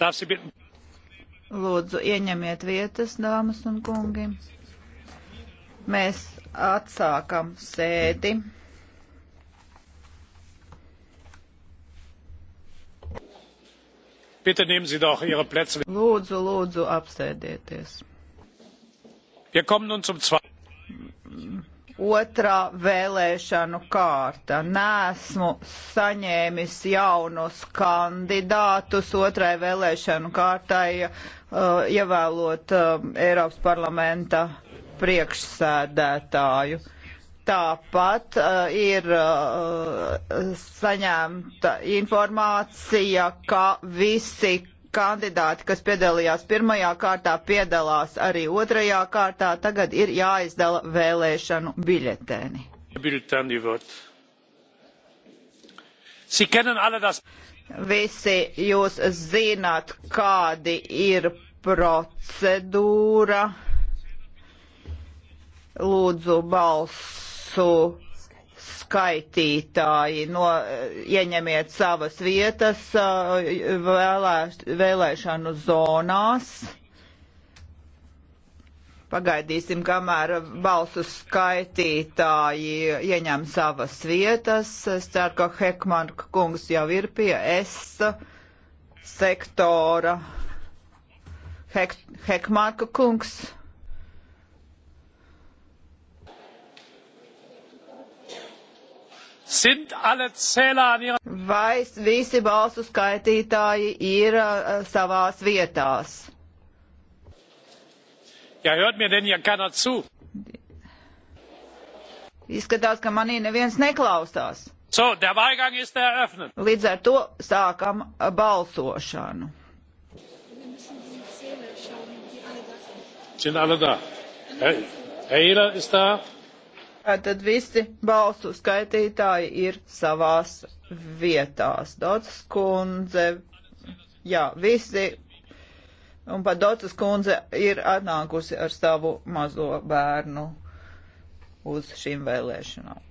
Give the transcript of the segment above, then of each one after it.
Darf Sie bitten. Lūdzu, ieņemiet vietas, dāmas un kungi. Mēs atsākam sēdi. Bitte nehmen Sie doch Ihre Plätze. Lūdzu, lūdzu, apsēdieties. Wir kommen nun zum zweiten otrā vēlēšanu kārta. Nesmu saņēmis jaunus kandidātus otrai vēlēšanu kārtai, uh, ievēlot uh, Eiropas parlamenta priekšsēdētāju. Tāpat uh, ir uh, saņemta informācija, ka visi kandidāti, kas piedalījās pirmajā kārtā, piedalās arī otrajā kārtā. Tagad ir jāizdala vēlēšanu biļetēni. Visi jūs zināt, kādi ir procedūra. Lūdzu, balsu skaitītāji, no, ieņemiet savas vietas uh, vēlē, vēlēšanu zonās. Pagaidīsim, kamēr balsu skaitītāji ieņem savas vietas. Es ceru, ka Hekman kungs jau ir pie S sektora. Hek Hekmārka kungs. Vai visi balsu skaitītāji ir uh, savās vietās? Ja hört mir denn hier keiner zu? Izskatās, ka manī neviens neklausās. So, der Wahlgang ist eröffnet. Līdz ar to sākam uh, balsošanu. Sind alle da? Herr Ehler ist da. Tātad visi balsu skaitītāji ir savās vietās. Dots kundze, jā, visi, un pat Dots kundze ir atnākusi ar savu mazo bērnu uz šīm vēlēšanām.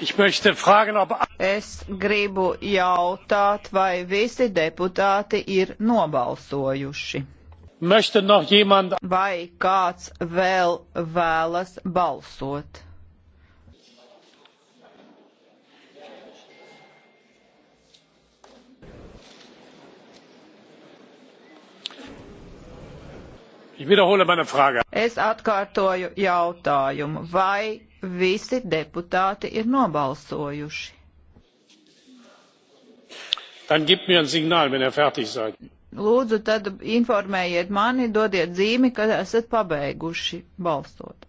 Es gribu jautāt, vai visi deputāti ir nobalsojuši. Vai kāds vēl vēlas balsot? Es atkārtoju jautājumu, vai visi deputāti ir nobalsojuši. Dann gib mir ein Signal, wenn er fertig seid. Lūdzu, tad informējiet mani, dodiet zīmi, kad esat pabeiguši balsot.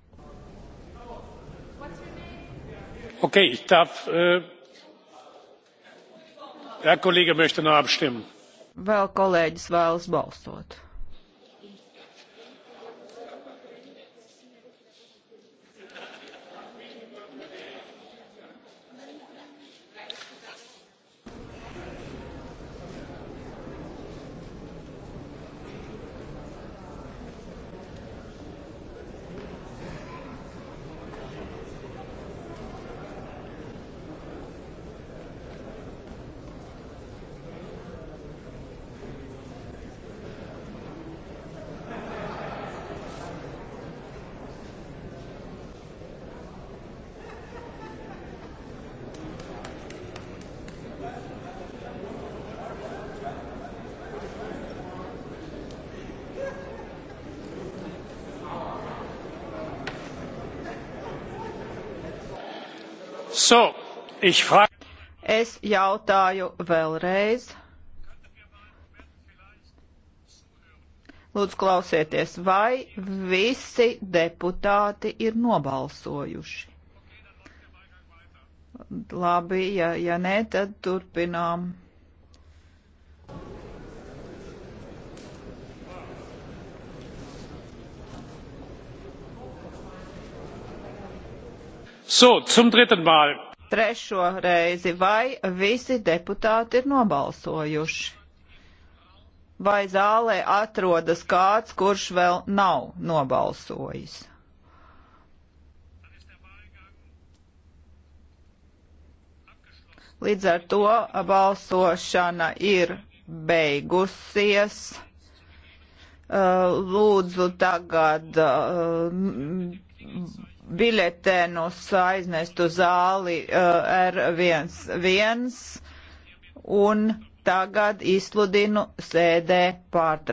Ok, ich darf. Äh, Herr Kollege möchte noch abstimmen. Vēl kolēģis vēlas balsot. So, ich frage. Es jautāju vēlreiz. Lūdzu, klausieties, vai visi deputāti ir nobalsojuši? Labi, ja, ja nē, tad turpinām. So, zum dritten Mal. Trešo reizi vai visi deputāti ir nobalsojuši? Vai zālē atrodas kāds, kurš vēl nav nobalsojis? Līdz ar to balsošana ir beigusies. Uh, lūdzu tagad uh, biļetenus aiznestu zāli eh, R11 un tagad izsludinu sēdē pārtraukumu.